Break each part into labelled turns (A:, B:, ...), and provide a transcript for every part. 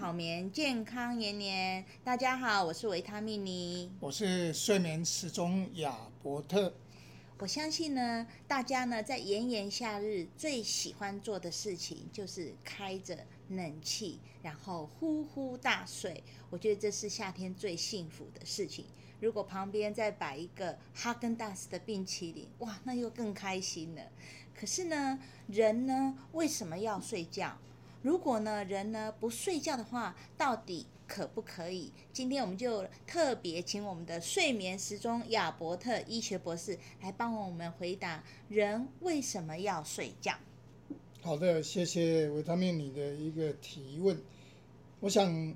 A: 好眠健康延年，年，大家好，我是維他命尼，
B: 我是睡眠時鐘亞伯特。
A: 我相信呢，大家呢，在炎炎夏日最喜歡做的事情就是開着冷氣，然後呼呼大睡。我覺得這是夏天最幸福的事情。如果旁邊再擺一個哈根達斯的冰淇淋，哇，那又更開心了。可是呢，人呢，為什麼要睡覺？如果呢，人呢，不睡覺的話，到底可不可以？今天我們就特別請我們的睡眠時鐘亞伯特醫學博士來幫我們回答：人為什麼要睡覺？
B: 好的，謝謝維他命你的一個提問。我想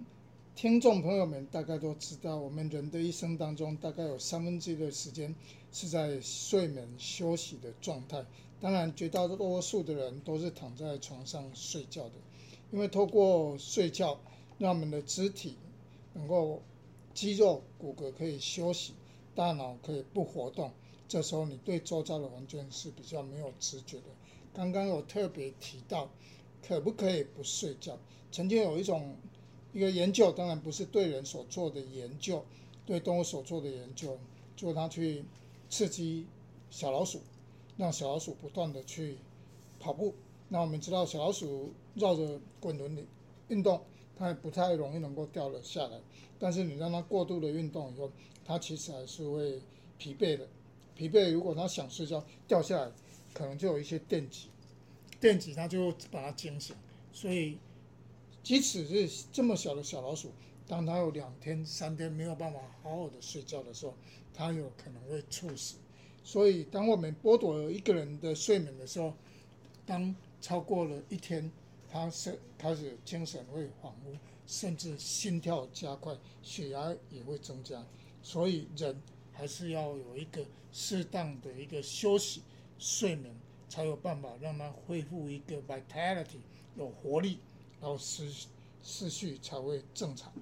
B: 聽眾朋友們大概都知道，我們人的一生當中，大概有三分之一的時間是在睡眠休息的狀態。當然，絕大多數的人都是躺在床上睡覺的。因為透過睡覺，讓我們的肢體能夠肌肉骨骼可以休息，大腦可以不活動。這時候你對周遭的環境是比較沒有知覺的。剛剛我特別提到，可不可以不睡覺？曾經有一種一個研究，當然不是對人所做的研究，對動物所做的研究，就它去刺激小老鼠，讓小老鼠不斷地去跑步。那我們知道小老鼠。繞着滾輪裡運動，它也不太容易能夠掉了下來。但是你讓它過度的運動以後，它其實還是會疲憊的。疲憊，如果它想睡覺，掉下來可能就有一些電擊，電擊它就把它驚醒。所以，即使是這麼小的小老鼠，當它有兩天、三天沒有辦法好好的睡覺的時候，它有可能會猝死。所以，當我們剝奪了一個人的睡眠的時候，當超過了一天。他是開始精神會恍惚，甚至心跳加快，血壓也會增加。所以人還是要有一個適當的一個休息、睡眠，才有辦法讓他恢復一個 vitality，有活力，然後思思緒才會正常。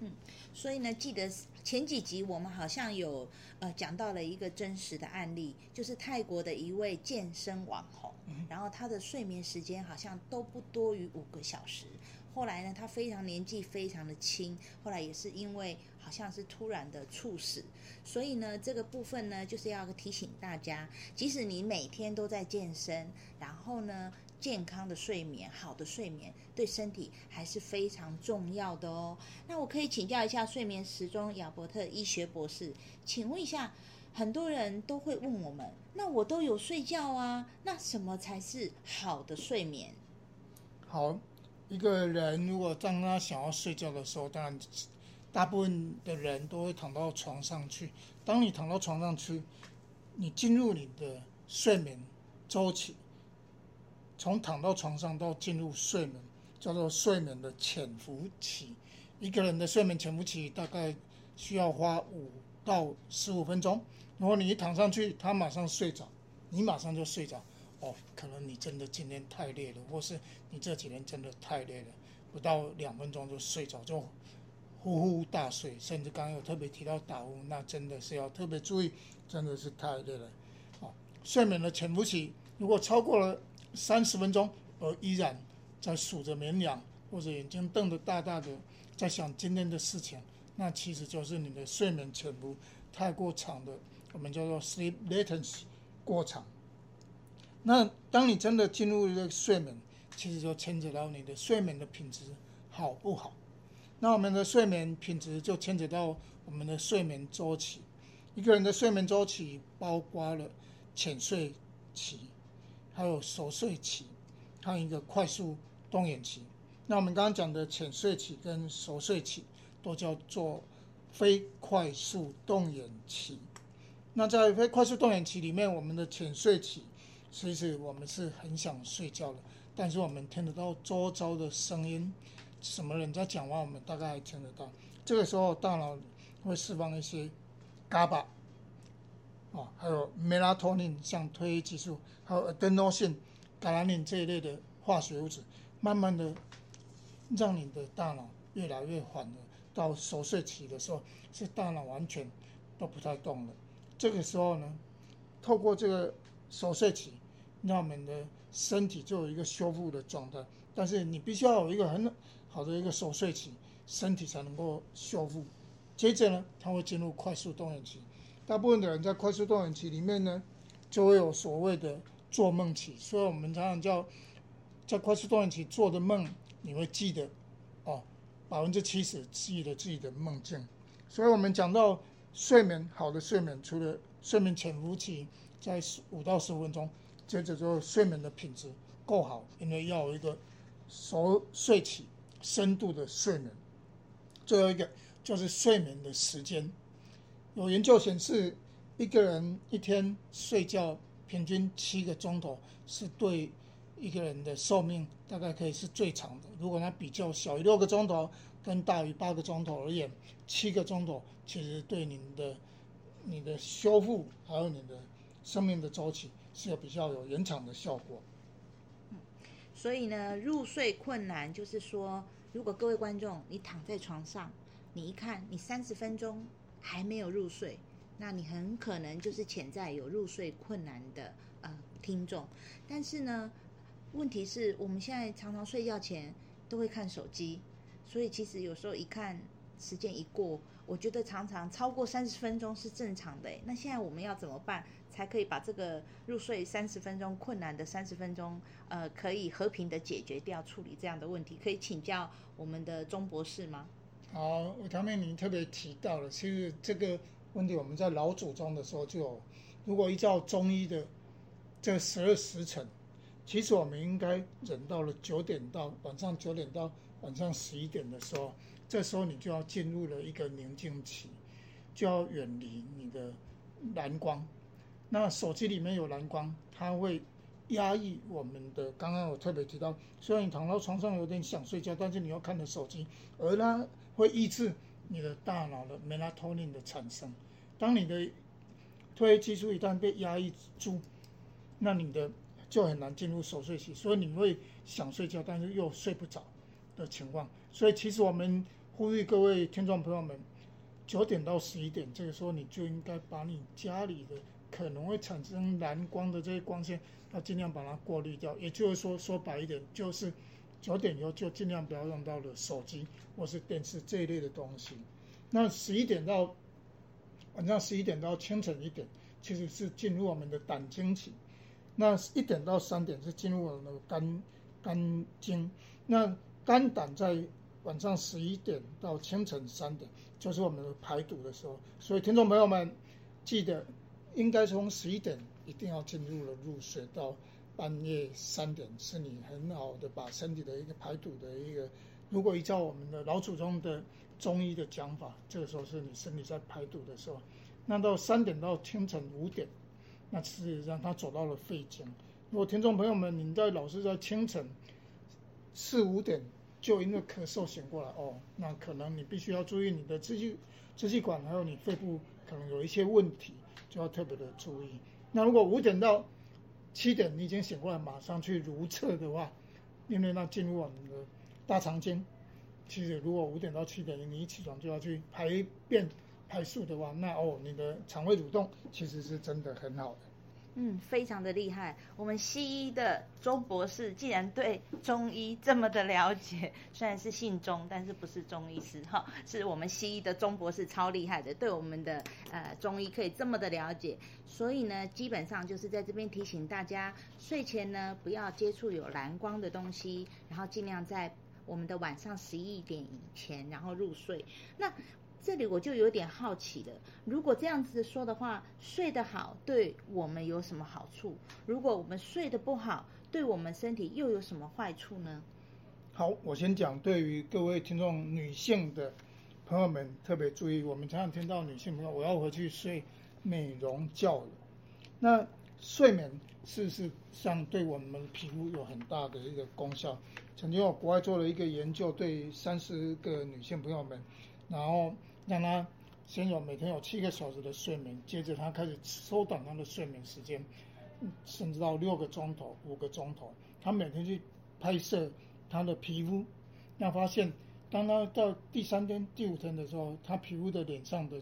A: 嗯，所以呢，記得前幾集我們好像有呃講到了一個真實的案例，就是泰國的一位健身網紅，然後他的睡眠時間好像都不多於五個小時。後來呢，他非常年紀非常的輕，後來也是因為好像是突然的猝死。所以呢，這個部分呢，就是要提醒大家，即使你每天都在健身，然後呢。健康的睡眠，好的睡眠對身體還是非常重要的哦。那我可以請教一下睡眠時鐘亞伯特醫學博士，請問一下，很多人都會問我們：那我都有睡覺啊，那
B: 什麼才是好的睡眠？好，一個人如果當他想要睡覺的時候，當然大部分的人都會躺到床上去。當你躺到床上去，你進入你的睡眠週期。從躺到床上到進入睡眠，叫做睡眠的潛伏期。一個人的睡眠潛伏期大概需要花五到十五分鐘。如果你一躺上去，他馬上睡着，你馬上就睡着。哦，可能你真的今天太累了，或是你這幾年真的太累了，不到兩分鐘就睡着，就呼呼大睡。甚至剛剛有特別提到打呼，那真的是要特別注意，真的是太累了。哦，睡眠的潛伏期如果超過了，三十分鐘，而依然在數着綿羊，或者眼睛瞪得大大的，在想今天的事情，那其實就是你的睡眠潛伏太過長的，我們叫做 sleep latency 過長。那當你真的進入一個睡眠，其實就牽扯到你的睡眠的品質好不好。那我們的睡眠品質就牽扯到我們的睡眠週期。一個人的睡眠週期包括了淺睡期。還有熟睡期，還有一個快速動眼期。那我們剛剛講的淺睡期跟熟睡期都叫做非快速動眼期。那在非快速動眼期裡面，我們的淺睡期，其實我們是很想睡覺的，但是我們聽得到周遭的聲音，什麼人在講話，我們大概還聽得到。這個時候，大腦會釋放一些 GABA。啊、哦，還有 melatonin，像褪黑激素，還有 adenosine、galanin 這一類的化學物質，慢慢的讓你的大腦越來越緩了。到熟睡期的時候，是大腦完全都不太動了。這個時候呢，透過這個熟睡期，讓我們的身體就有一個修復的狀態。但是你必須要有一個很好的一個熟睡期，身體才能夠修復。接着呢，它會進入快速動員期。大部分的人在快速動眼期裡面呢，就會有所謂的做夢期，所以我們常常叫在快速動眼期做的夢，你會記得哦70，百分之七十記得自己的夢境。所以我們講到睡眠，好的睡眠，除了睡眠潛伏期在五到十五分鐘，接着就是睡眠的品質夠好，因為要有一個熟睡期、深度的睡眠，最後一個就是睡眠的時間。有研究顯示，一個人一天睡覺平均七個鐘頭，是對一個人的壽命大概可以是最長的。如果他比較小於六個鐘頭，跟大於八個鐘頭而言，七個鐘頭其實對你的你的，你的修復，還有你的生命的週期，是有比較有延長的效果。嗯，
A: 所以呢，入睡困難就是說，如果各位觀眾你躺在床上，你一看你三十分鐘。還沒有入睡，那你很可能就是潛在有入睡困難的呃聽眾。但是呢，問題是我們現在常常睡覺前都會看手機，所以其實有時候一看時間一過，我覺得常常超過三十分鐘是正常的。誒，那現在我們要怎麼辦，才可以把這個入睡三十分鐘困難的三十分鐘呃，可以和平的解決掉，處理這樣的問題？可以請教我們
B: 的鍾博士嗎？好，我前面你特別提到了，其實這個問題我們在老祖宗的時候就有，如果依照中醫的這十二時辰，其實我們應該忍到了九點到晚上九點到晚上十一點的時候，這時候你就要進入了一個寧靜期，就要遠離你的藍光。那手機裡面有藍光，它會壓抑我們的。剛剛我特別提到，雖然你躺到床上有點想睡覺，但是你又看着手機，而呢。會抑制你的大腦的 melatonin 的產生。當你的褪黑激素一旦被壓抑住，那你的就很難進入熟睡期，所以你會想睡覺，但是又睡不着的情況。所以其實我們呼籲各位聽眾朋友們，九點到十一點這個時候，你就應該把你家裡的可能會產生藍光的這些光線，要盡量把它過濾掉。也就是說，說白一點，就是。九點以後就儘量不要用到了手機或是電視這一類的東西。那十一點到晚上十一點到清晨一點，其實是進入我們的膽經期。那一點到三點是進入我們的肝肝經。那肝膽在晚上十一點到清晨三點，就是我們的排毒的時候。所以聽眾朋友們，記得應該從十一點一定要進入了入睡到。半夜三點是你很好的把身體的一個排毒的一個。如果依照我們的老祖宗的中醫的講法，這個時候是你身體在排毒的時候。那到三點到清晨五點，那是讓他它走到了肺經。如果聽眾朋友們，你們在老是在清晨四五點就因為咳嗽醒過來哦，那可能你必須要注意你的支氣支氣管還有你肺部可能有一些問題，就要特別的注意。那如果五點到七點你已經醒過來，馬上去如廁的話，因為那進入我們的大腸經。其實，如果五點到七點你一起床就要去排便、排宿的話，那哦，你的腸胃蠕動其實是真的很好的。
A: 嗯，非常的厲害。我們西醫的鍾博士竟然對中醫這麼的了解，雖然是姓鍾，但是不是中醫師哈，是我們西醫的鍾博士超厲害的，對我們的呃中醫可以這麼的了解。所以呢，基本上就是在這邊提醒大家，睡前呢不要接觸有藍光的東西，然後盡量在我們的晚上十一點以前然後入睡。那這裡我就有點好奇了，如果這樣子說的話，睡得好對我們有什麼好處？如果我們睡得不好，對我們身體又有什麼壞處呢？
B: 好，我先講對於各位聽眾女性的朋友們特別注意，我們常常聽到女性朋友，我要回去睡美容覺了。那睡眠是事實上對我們皮膚有很大的一個功效。曾經我國外做了一個研究，對三十個女性朋友們，然後。讓他先有每天有七個小時的睡眠，接着他開始縮短他的睡眠時間，甚至到六個鐘頭、五個鐘頭。他每天去拍攝他的皮膚，那發現當他到第三天、第五天的時候，他皮膚的臉上的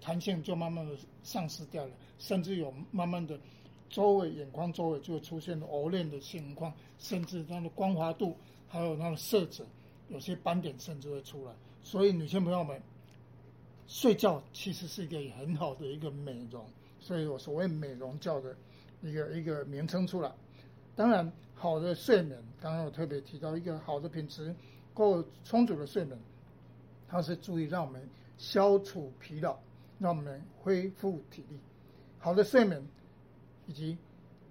B: 彈性就慢慢的喪失掉了，甚至有慢慢的周圍眼眶周圍就會出現了凹陷的情況，甚至他的光滑度還有他的色澤，有些斑點甚至會出來。所以，女性朋友們。睡覺其實是一個很好的一個美容，所以我所謂“美容覺”的一個一個名稱出來。當然，好的睡眠，剛剛我特別提到一個好的品質，夠充足的睡眠，它是足以讓我們消除疲勞，讓我們恢復體力。好的睡眠以及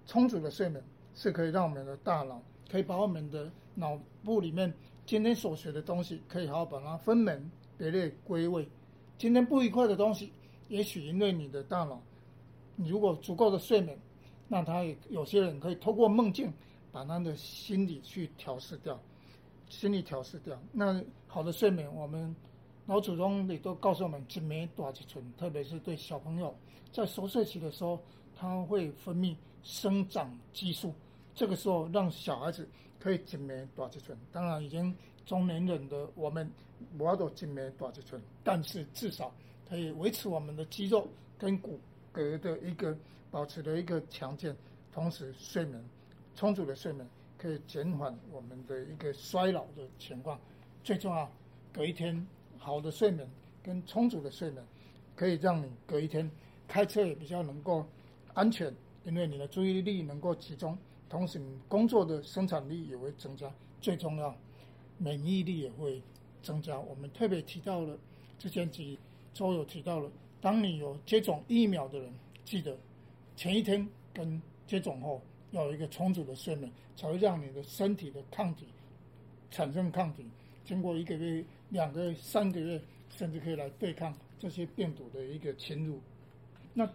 B: 充足的睡眠，是可以讓我們的大腦可以把我們的腦部裡面今天所學的東西，可以好好把它分門別類歸位。今天不愉快的東西，也許因為你的大腦，你如果足夠的睡眠，那他也有些人可以透過夢境把他的心理去調試掉，心理調試掉。那好的睡眠，我們老祖宗也都告訴我們，一眠大一寸，特別是對小朋友，在熟睡期的時候，它會分泌生長激素，這個時候，讓小孩子可以一眠大一寸。當然已經。中年人的我們，不要做精美的蛋白，但是至少可以維持我們的肌肉跟骨骼的一個保持的一個強健。同時，睡眠充足的睡眠可以減緩我們的一個衰老的情況。最重要，隔一天好的睡眠跟充足的睡眠，可以讓你隔一天開車也比較能夠安全，因為你的注意力能夠集中。同時，你工作的生產力也會增加。最重要。免疫力也會增加。我們特別提到了之前幾周有提到了，當你有接種疫苗的人，記得前一天跟接種後要有一個充足的睡眠，才會讓你的身體的抗體產生抗體。經過一個月、兩個月、三個月，甚至可以來對抗這些病毒的一個侵入。那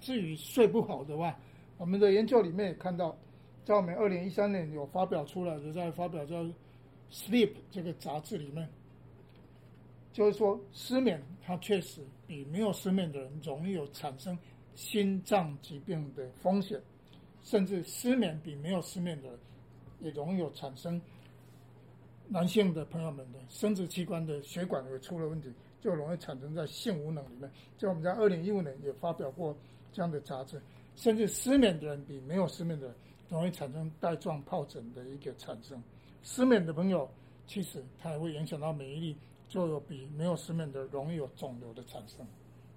B: 至於睡不好的話，我們的研究裡面也看到，在我們二零一三年有發表出來的，在發表在。Sleep 這個雜誌裡面，就是說失眠，它確實比沒有失眠的人容易有產生心臟疾病的風險，甚至失眠比沒有失眠的人也容易有產生男性的朋友們的生殖器官的血管也出了問題，就容易產生在性無能裡面。就我們在二零一五年也發表過這樣的雜誌，甚至失眠的人比沒有失眠的人容易產生帶狀皰疹的一個產生。失眠的朋友，其實他也會影響到免疫力，就有比沒有失眠的容易有腫瘤的產生。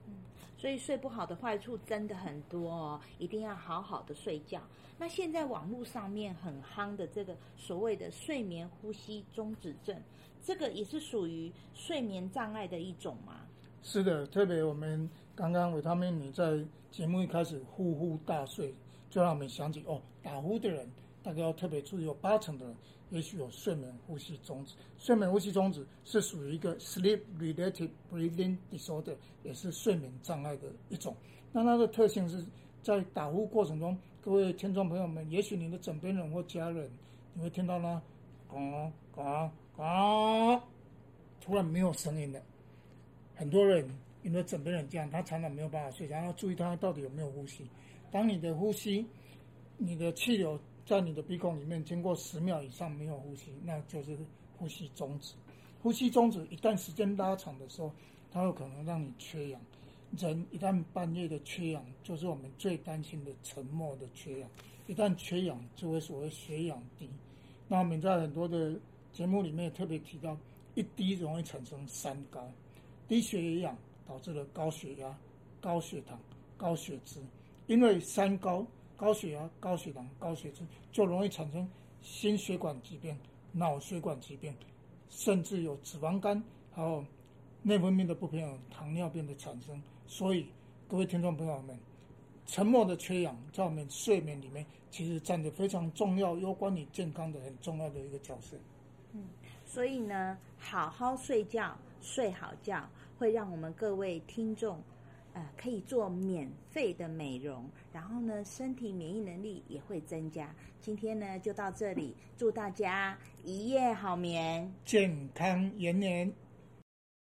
B: 嗯，
A: 所以睡不好的壞處真的很多哦，一定要好好的睡覺。那現在網絡上面很夯的這個所謂的睡眠呼吸中止症，這個也是屬於睡眠障礙的一種嗎？
B: 是的，特別我們剛剛維他命你在節目一開始呼呼大睡，就讓我們想起哦，打呼的人。大家要特別注意，有八成的人，也許有睡眠呼吸中止。睡眠呼吸中止是屬於一個 sleep related breathing disorder，也是睡眠障礙的一種。那它的特性是在打呼過程中，各位聽眾朋友們，也許你的枕邊人或家人，你會聽到他，咣咣咣，突然沒有聲音了。很多人因為枕邊人這樣，他常常沒有辦法睡覺，要注意他到底有沒有呼吸。當你的呼吸，你的氣流。在你的鼻孔裡面，經過十秒以上沒有呼吸，那就是呼吸中止。呼吸中止一旦時間拉長的時候，它有可能讓你缺氧。人一旦半夜的缺氧，就是我們最擔心的沉默的缺氧。一旦缺氧，就會所謂血氧低。那我們在很多的節目裡面特別提到，一低容易產生三高：低血氧導致了高血壓、高血糖、高血脂。因為三高。高血壓、高血糖、高血脂就容易產生心血管疾病、腦血管疾病，甚至有脂肪肝，還有內分泌的不平衡、糖尿病的產生。所以，各位聽眾朋友們，沉默的缺氧在我們睡眠裡面其實佔着非常重要、攸關於健康的很重要的一個角色。嗯，
A: 所以呢，好好睡覺、睡好覺，會讓我們各位聽眾。呃，可以做免費的美容，然後呢，身體免疫能力也會增加。今天呢，就到這裡，祝大家
B: 一夜好眠，健康延年。